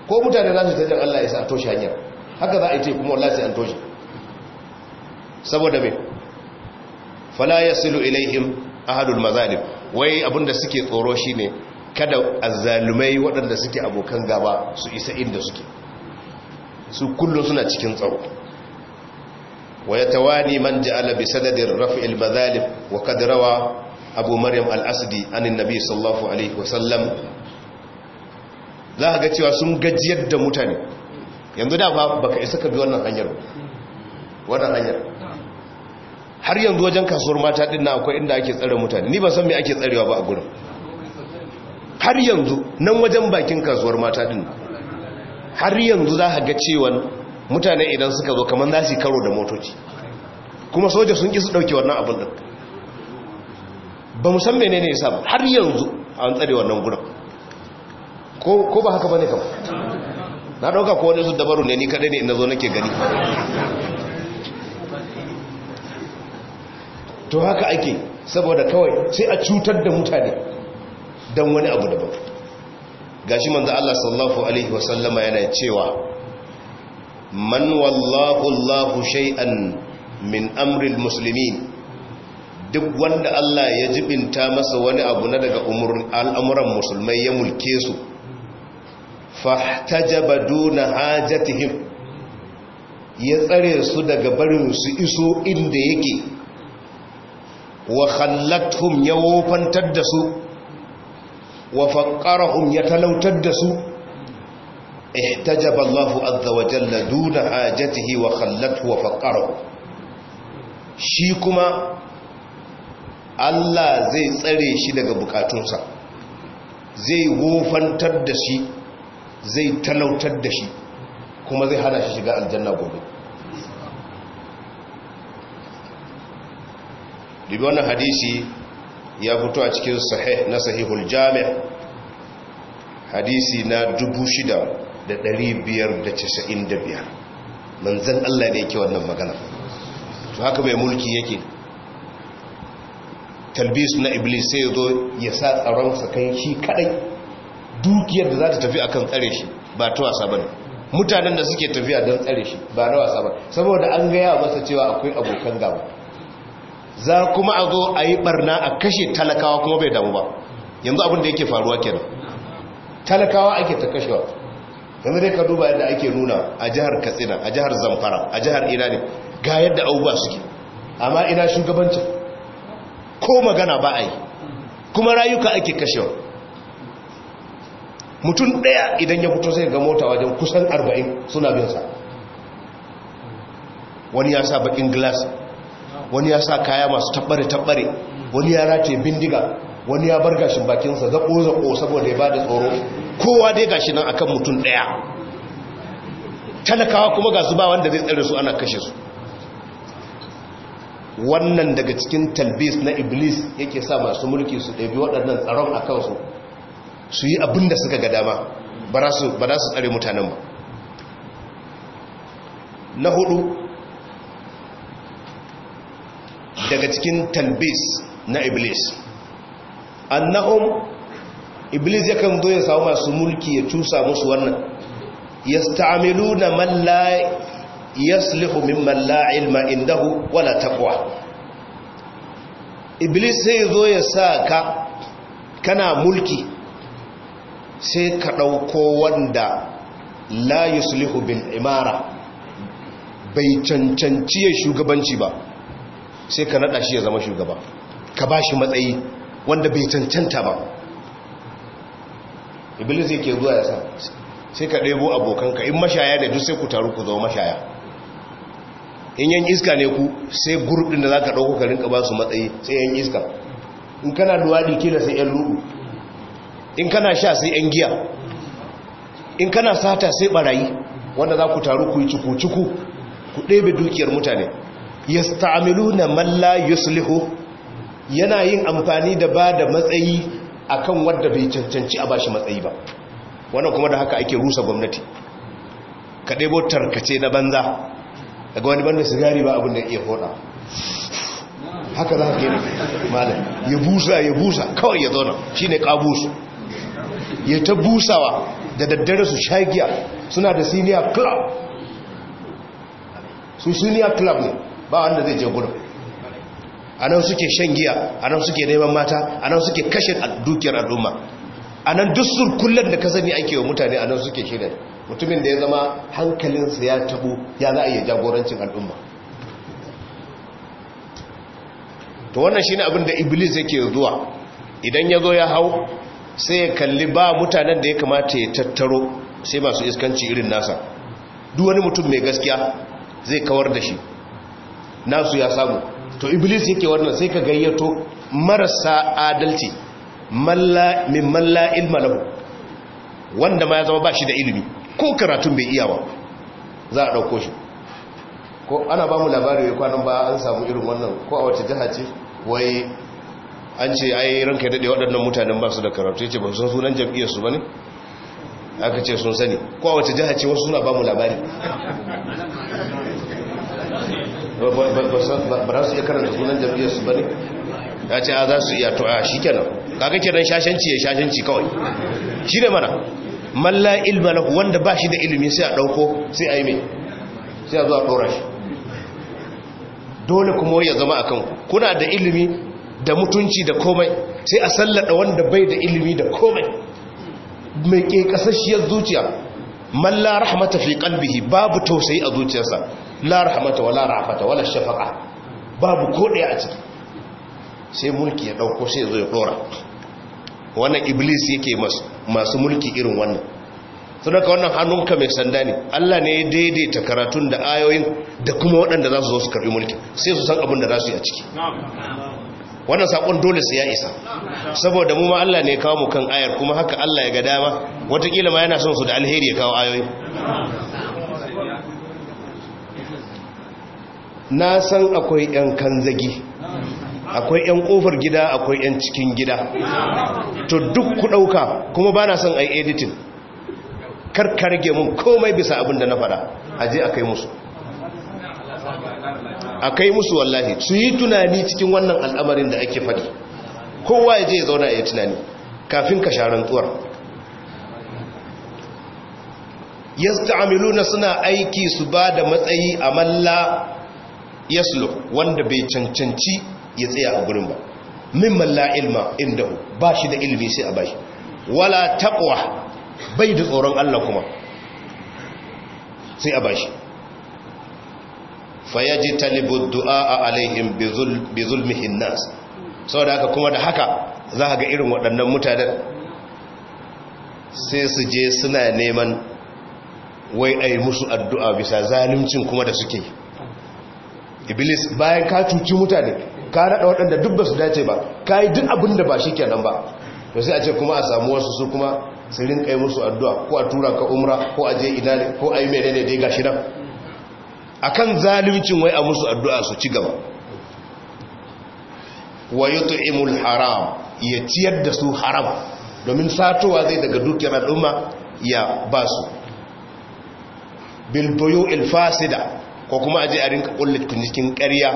ko mutane za su tajan Allah ya sa a toshe hanyar haka za a yi ce kuma wallahi sai an toshe saboda me fala yasilu ilaihim ahadul mazalim wai abinda suke tsoro shine kada azzalumai waɗanda suke abokan gaba su isa inda suke su kullum suna cikin tsaro wa ya tawani man ja'ala bi sadadin raf'il madhalib wa qad rawa abu maryam al-asdi anin nabi sallallahu alaihi wa sallam za a ga cewa sun gajiyar da mutane yanzu da ba baka isa ka bi wannan hanyar wannan hanyar har yanzu wajen kasuwar mata din na akwai inda ake tsare mutane ni ba san me ake tsarewa ba a gurin har yanzu nan wajen bakin kasuwar mata din har yanzu za ga cewa mutane idan suka zo kamar za su karo da motoci kuma soja sun ki su wannan abin da ba mu san menene ya ba har yanzu an tsare wannan gurin ko ba haka bane kam na dauka ko wani su dabaru ne ni kadai ne ina zo nake gani to haka ake saboda kawai sai a cutar da mutane don wani abu ga gashi manzo Allah sallallahu alaihi wasallama yana cewa man wallahu Allahu shay'an min amrin muslimin duk wanda Allah ya jibinta masa wani abu na daga al'amuran musulmai ya mulke su fahtajaba duna hajatihim ya tsare su daga barin su iso inda yake wa khallathum ya wofantar da su wa faƙarahun ya talautar da su ihtajaba Allahu azza wa jalla duna hajatihi wa khallatu wa faƙarahu shi kuma Allah zai tsare shi daga bukatunsa zai wofantar da shi zai talautar da shi kuma zai hana shi shiga aljanna gobe dubi wannan hadisi ya fito a cikin sahih na sahihul jami' hadisi na 6595 manzan Allah ne yake wannan magana to haka mai mulki yake talbis na iblis sai zo ya sa tsaron sa kai shi kadai dukiyar da za ta tafi akan tsare shi ba ta wasa bane mutanen da suke tafiya don tsare shi ba na wasa ba saboda an gaya masa cewa akwai abokan gaba za kuma a zo a yi barna a kashe talakawa kuma bai damu ba yanzu abin da yake faruwa kenan talakawa ake ta kashewa yanzu dai ka duba yadda ake nuna a jihar katsina a jihar zamfara a jihar irani ne ga yadda abubuwa suke amma ina shugabanci. ko magana ba a yi kuma rayuka ake kashewa mutum ɗaya idan ya fito sai ga mota wajen kusan arba'in suna biyansa wani ya sa bakin glass wani ya sa kaya masu tabbare-tabbare wani ya rataye bindiga wani ya bar gashin bakinsa zaɓo zaɓo saboda ya ba da tsoro kowa dai gashi nan akan mutum ɗaya talakawa kuma ga su ba wanda zai tsare su ana kashe su wannan daga cikin talbis na iblis yake sa masu mulki su ɗabi waɗannan tsaron a kansu su yi abin da suka ga dama ba za su tsare mutanen ba na hudu daga cikin talbis na iblis annahum iblis yakan zo ya samu masu mulki ya cusa musu wannan yasta'miluna man la yaslihu mimman la ilma indahu wala taqwa iblis sai zo ya sa ka kana mulki sai ka ɗauko wanda la yuslihu bil imara bai cancanci ya shugabanci ba sai ka naɗa shi ya zama shugaba ka ba shi matsayi wanda bai cancanta ba iblis yake zuwa ya sa sai ka ɗebo abokanka in mashaya da duk sai ku taru ku zama mashaya in yan iska ne ku sai gurbin da za ka ɗauko ka rinka ba su matsayi sai yan iska in kana luwaɗi kila sai yan luɗu in kana sha sai yan giya in kana sata sai ɓarayi wanda za ku taru ku yi cuku-cuku ku ɗebe dukiyar mutane yasta'amiluna na Malla yuslihu yana yin amfani da ba da matsayi akan wanda bai cancanci a bashi matsayi ba wannan kuma da haka ake rusa gwamnati ka ɗebo tarkace na banza daga wani banda sigari ba abin da iya hoda haka za ka yi malam ya busa ya busa kawai ya zauna shi ne ƙabusu ya ta busawa da daddare su shagiya suna da senior club su senior club ne ba wanda zai je gudun. a nan suke shan giya a nan suke neman mata a nan suke kashe dukiyar al'umma a nan duk kullum da ka sani ake wa mutane a nan suke shi mutumin da ya zama hankalinsa ya tabo ya za a iya jagorancin al'umma to wannan shine abin da iblis yake zuwa idan ya zo ya hau sai ya kalli ba mutanen da ya kamata ya tattaro sai masu iskanci irin nasa duk wani mutum mai gaskiya zai kawar da shi nasu ya samu to iblis yake wannan sai ka gayyato marasa adalci Malla min malla ilma lahu wanda ma ya zama ba shi da ilimi ko karatun bai iya ba za a ɗauko shi ko ana ba mu labari ya kwanan ba an samu irin wannan ko a wace jiha ce wai an ce ai ranka dade waɗannan mutanen ba su da karatu ya ce ba sun sunan jami'ar ba ne aka ce sun sani ko a wace jiha ce wasu suna ba mu labari ba su iya karanta sunan jam'iyyar su bane ya ce a za su iya to a kenan kaga kiran shashanci ya shashanci kawai shi ne mana malla ilma lahu wanda ba shi da ilimi sai a dauko sai a yi mai sai a zuwa a shi dole kuma ya zama a ku kuna da ilimi da mutunci da komai sai a sallada wanda bai da ilimi da komai mai ke kasashiyar zuciya malla rahmata fi kalbihi babu tausayi a zuciyarsa la rahmata wala rafata wala shafaqa babu ko a ciki sai mulki ya dauko sai zo ya dora wannan iblis yake masu mulki irin wannan sun haka wannan hannunka mai sanda ne Allah ne ya daidaita karatun da ayoyin da kuma waɗanda za su zo su karɓi mulki sai su san abin da za su yi a ciki wannan sakon dole sai ya isa saboda mu ma Allah ne ya kawo mu kan ayar kuma haka Allah ya ga dama watakila ma yana son su da alheri ya kawo ayoyi na san akwai 'yan kanzagi akwai 'yan kofar gida akwai 'yan cikin gida to duk ku ɗauka kuma ba na son a yi editin karkarge mun komai bisa abin da na fara aje a kai musu a kai musu wallahi su yi tunani cikin wannan al'amarin da ake faɗi kowa ya je ya zauna ya tunani kafin ka sharan tsuwar yasta'amiluna suna aiki su ba da matsayi a malla yaslu wanda bai cancanci ya tsaya a gurin ba mimman la ilma inda ba shi da ilimi sai a bashi wala taqwa bai da tsoron Allah kuma sai a bashi talibu du'a alaihim bi zulmihi nas saboda haka kuma da haka za ga irin waɗannan mutanen sai su je suna neman wai ai musu addu'a bisa zaluncin kuma da suke iblis bayan ka cuci mutane ka naɗa waɗanda duk ba su dace ba ka yi duk abin da ba shi kenan ba to sai a ce kuma a samu wasu su kuma su rinka yi musu addu'a ko a tura ka umra ko a je ina ko a yi mai daidai ga shi nan a kan zalimcin wai a musu addu'a su ci gaba wa yi tu'imul haram ya ciyar da su haram domin satowa zai daga dukiyar al'umma ya ba su bilboyo ilfasida ko kuma aje a rinka kulle cikin ƙarya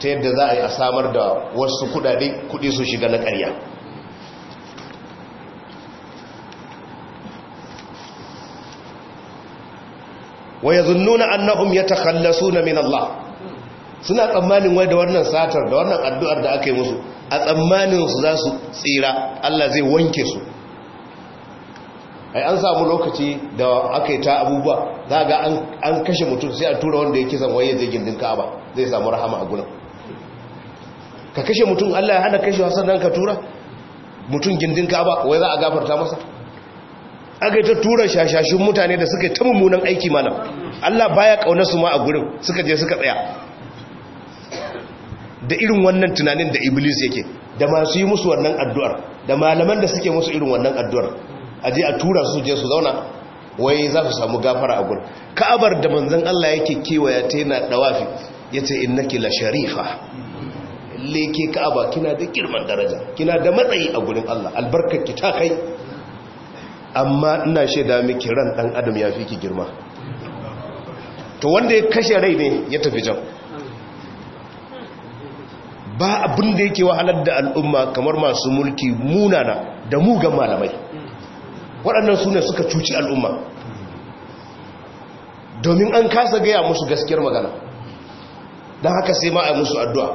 ta yadda za a yi a samar da wasu kudade kudi su shiga na ƙarya wa ya annahum suna min Allah suna tsammanin wai da wannan satar da wannan addu'ar da aka yi musu a tsammanin su za su tsira Allah zai wanke su ai an samu lokaci da aka yi ta abubuwa za ga an kashe mutum sai a tura wanda ya kisan waye zai gindin ba zai samu rahama a guna. ka kashe mutum Allah ya hana kashe wasan nan ka tura mutum gindin ba wai za a gafarta masa aka yi ta tura shashashin mutane da suka yi ta mummunan aiki mana Allah baya kauna su ma a gurin suka je suka tsaya da irin wannan tunanin da iblis yake da masu yi musu wannan addu'ar da malaman da suke musu irin wannan addu'ar a je a tura su je su zauna wai za su samu gafara a gurin ka'abar da manzon Allah yake kewaya ta yana dawafi in nake la sharifa leke ka'aba kina da girman daraja kina da matsayi a gurin Allah albarkar ki ta kai amma ina shaida miki ran dan adam ya fi ki girma to wanda ya kashe rai ne ya tafi jan ba abin da yake wahalar da al'umma kamar masu mulki munana da mugan malamai waɗannan su ne suka cuci al'umma domin an kasa gaya musu gaskiyar magana don haka sai ma a musu addu'a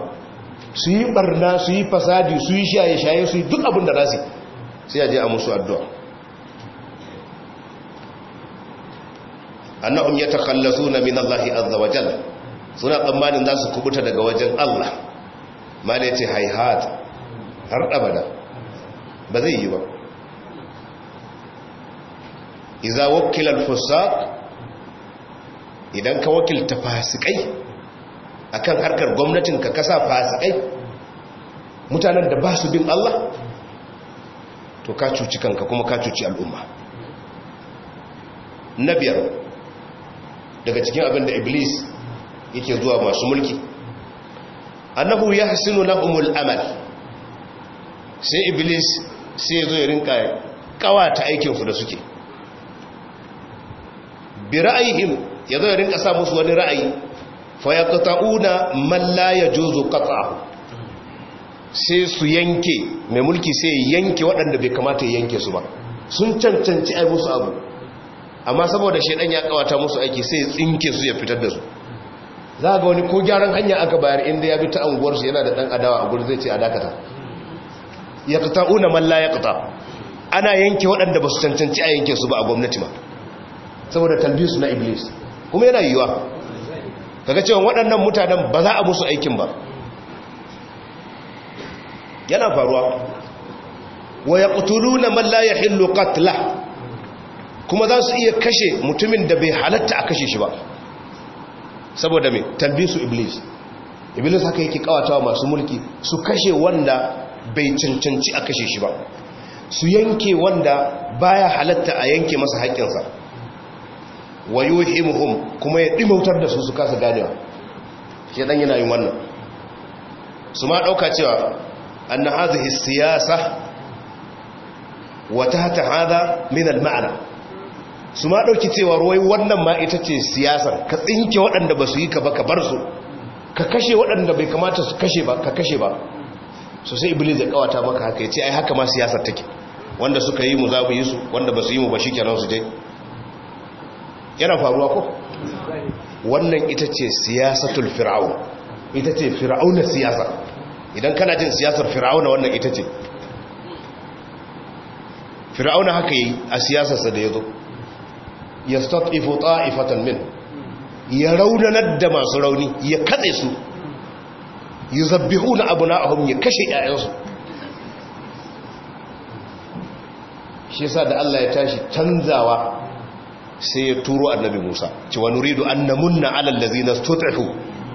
su yi barna su yi fasadi su yi shaye-shaye su yi duk abin da nasi sai a je a musu addu'a annahum ya takallasu na min Allah azza wa jalla suna tsammanin za su kubuta daga wajen Allah ma ne ce haihat har abada ba zai yi ba iza wakilar fusaq idan ka wakilta fasikai akan harkar gwamnatin ka kasa fasikai mutanen da ba su bin Allah to ka cuci kanka kuma ka cuci al'umma na biyar daga cikin abin da iblis yake zuwa masu mulki annahu ya hasinu umul amal sai iblis sai ya zo ya rinka kawata aikinsu da suke bi ra'ayihim ya zo ya rinka sa musu wani ra'ayi fa yaqta'una man la yajuzu qat'ahu sai su yanke mai mulki sai yanke waɗanda bai kamata ya yanke su ba sun cancanci ai musu abu amma saboda shedan ya kawata musu aiki sai tsinke su ya fitar da su za ga wani ko gyaran hanya aka bayar inda ya bi ta su yana da dan adawa a gurin zai ce a dakata yaqta'una man la yaqta ana yanke waɗanda ba su cancanci a yanke su ba a gwamnati ma saboda talbisu na iblis kuma yana yiwuwa kaga cewa waɗannan mutanen ba za a musu aikin ba yana faruwa wa yaqtuluna na mallaya hillo katla kuma za su iya kashe mutumin da bai halatta a kashe shi ba saboda mai, talbisu iblis iblis haka yake wa masu mulki su kashe wanda bai cancanci a kashe shi ba su yanke wanda baya halatta a yanke masa haƙƙinsa wa yuhimuhum kuma ya dimautar da su su kasa ganewa shi dan yana yin wannan su ma dauka cewa anna hadhihi siyasa wa tahta hadha min al-ma'na su ma dauki cewa ruwai wannan ma ita ce siyasar ka tsinke waɗanda ba su yi ka ba ka bar su ka kashe waɗanda bai kamata su kashe ba ka kashe ba so sai iblis ya kawata maka haka ya ce ai haka ma siyasar take wanda suka yi mu za mu yi su wanda ba su yi mu ba shi su je yana faruwa ko wannan ita ce siyasatul fir'aun ita ce fir'auna siyasa idan kana jin siyasar fir'auna wannan ita ce fir'auna haka yi a siyasarsa da ya zo ya statifu ta'ifatan min ya raunanar da masu rauni ya katse su ya zabbihu na abu na'ahun ya kashe 'ya'yansu shi sa da Allah ya tashi canzawa sai ya turo annabi musa cewa nuridu an namunna alal lazina stutihu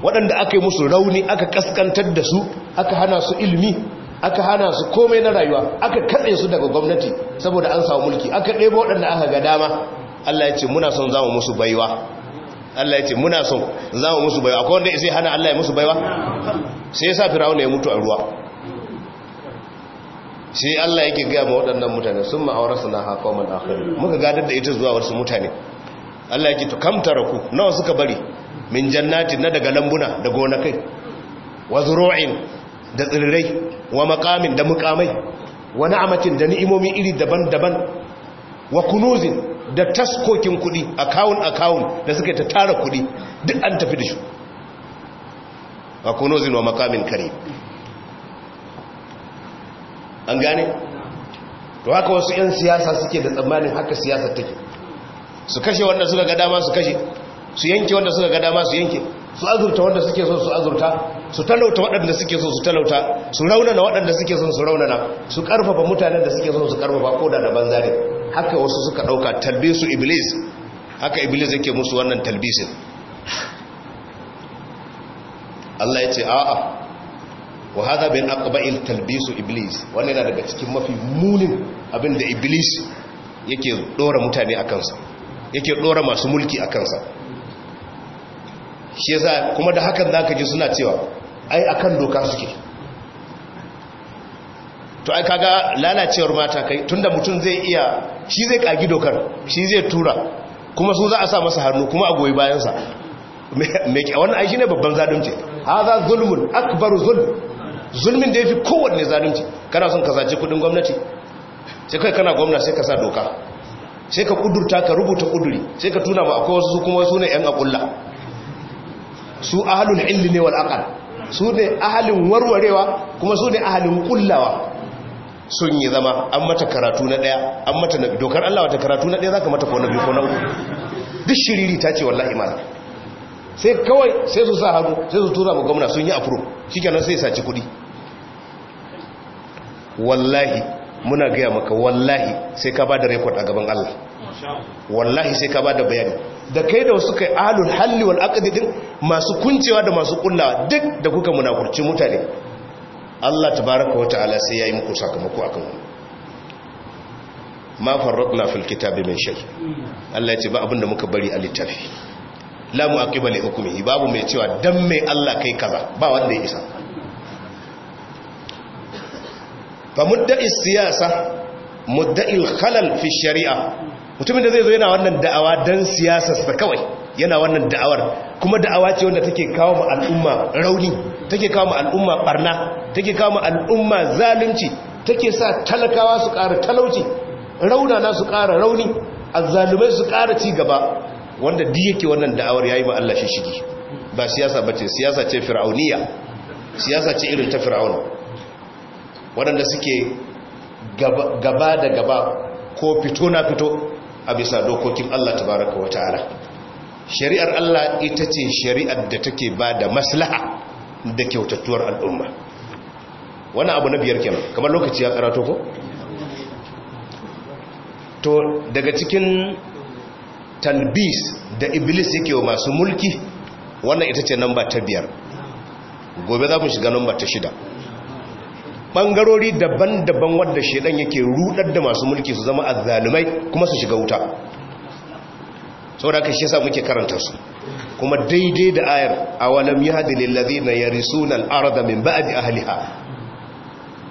waɗanda aka yi musu rauni aka kaskantar da su aka hana su ilimi aka hana su komai na rayuwa aka katse su daga gwamnati saboda an samu mulki aka debo waɗanda aka ga dama Allah ya ce muna son zamu musu baiwa Allah ya ce muna son zamu musu baiwa akwai wanda sai hana Allah ya musu baiwa sai ya sa firawuna ya mutu a ruwa sai Allah yake gaya ma waɗannan mutane sun ma'aurarsa na haƙomin akwai muka gadar da ita zuwa wasu mutane Allah yake to kam ku nawa suka bari min jannatin na daga lambuna da gonakai wa zuru'in da tsirrai wa maqamin da muqamai wa na'amatin da ni'imomi iri daban-daban wa kunuzin da taskokin kuɗi, account account da suka ta tara kuɗi, duk an tafi da shi wa kunuzin wa maqamin karim an gane to haka wasu 'yan siyasa suke da tsammanin haka siyasa take su kashe wanda suka ga dama su kashe su yanke wanda suka ga dama su yanke su azurta wanda suke so su azurta su talauta waɗanda suke so su talauta su raunana waɗanda suke so su raunana su karfafa mutanen da suke so su karfafa ko da daban zare haka wasu suka ɗauka talbisu iblis haka iblis yake musu wannan talbisin Allah ya ce a'a wa hadha bin aqba'il talbisu iblis wannan yana daga cikin mafi munin abin da iblis yake dora mutane akan sa yake dora masu mulki akan sa shi yasa kuma da hakan zaka ji suna cewa ai akan doka suke to ai kaga lalacewar mata kai tunda mutum zai iya shi zai kagi dokar shi zai tura kuma su za a sa masa hannu kuma a goyi bayansa mai wannan ai shine babban zalunci hadha zulmun akbaru zulm zulmin da ya fi kowanne zalunci kana son ka zaci kudin gwamnati sai kai kana gwamna sai ka sa doka sai ka kudurta ka rubuta kuduri sai ka tuna ba akwai wasu kuma su ne 'yan akulla su ahalun illi ne wal'akar su ne ahalin warwarewa kuma su ne ahalin kullawa sun yi zama an mata karatu na daya an mata na dokar Allah wata karatu na daya zaka mata ko na biyu ko na uku duk shiriri ta ce wallahi malam sai kawai sai su sa hannu sai su tura ma gwamna sun yi afro kenan sai saci kuɗi wallahi muna gaya maka wallahi sai ka ba da rekod a gaban Allah wallahi sai ka ba da bayani da kai da wasu kai alul halli wal aqdi din masu kuncewa da masu kullawa duk da kuka munafurci mutane Allah tabaaraka wataala sai yayi muku sakamako akan ku ma farratna fil kitabi min shay Allah ya ce ba abinda muka bari a littafi la mu'aqiba li hukumi babu mai cewa dan mai Allah kai kaza ba wanda ya isa fa mudda'i siyasa mudda'il khalal fi shari'a mutumin da zai zo yana wannan da'awa dan sa kawai yana wannan da'awar kuma da'awa ce wanda take kawo mu al'umma rauni take kawo mu al'umma barna take kawo mu al'umma zalunci take sa talakawa su ƙara talauci raunana su ƙara rauni azzalumai su ƙara ci gaba wanda duk yake wannan da'awar yayi ba Allah shi shigi ba siyasa bace siyasa ce fir'auniya siyasa ce irin ta fir'aun waɗanda suke gaba da gaba ko fito na fito a bisa dokokin Allah tabaraka wa ta'ala shari'ar Allah ita ce shari'ar da take ba da maslaha da kyautattuwar al'umma wani abu na biyar kenan kamar lokaci ya karato ko to daga cikin talbis da iblis yake wa masu mulki wannan ita ce namba ta biyar gobe za mu shiga namba ta shida ɓangarori daban-daban wadda shaidan yake rudar da masu mulki su zama azzalumai kuma su shiga wuta sau da aka shi yasa muke karanta su kuma daidai da ayar a walam ya haɗi lalazi na yari sunan arada min ba'adi ahliha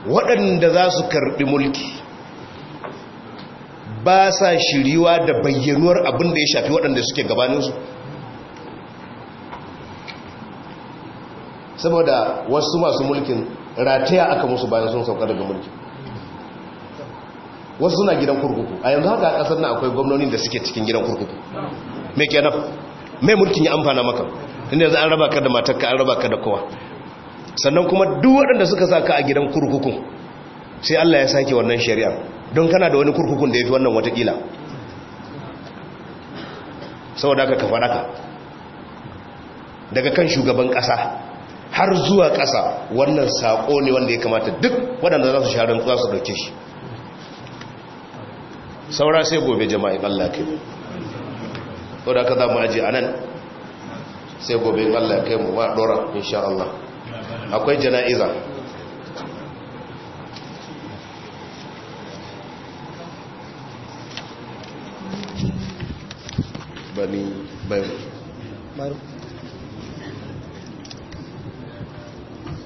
waɗanda za su karɓi mulki ba sa shiriwa da bayyanuwar abin da ya shafi waɗanda suke gabaninsu saboda wasu masu mulkin rataya aka musu bayan sun sauka daga mulki wasu suna gidan kurkuku a yanzu haka a ƙasar na akwai gwamnoni da suke cikin gidan kurkuku mai kyana mai mulkin ya amfana maka inda za a raba ka da matakka an raba ka da kowa sannan kuma duk waɗanda suka sa ka a gidan kurkuku sai Allah ya sake wannan shari'a don kana da wani kurkukun da ya fi wannan watakila saboda aka kafa naka daga kan shugaban ƙasa har zuwa ƙasa wannan saƙo ne wanda ya kamata duk waɗanda za su shahararun za su dauke shi saura sai gobe jama'in Allah kai mu saboda aka za mu aji a nan sai gobe Allah kai mu ma ɗora sha Allah akwai jana'iza bani bayan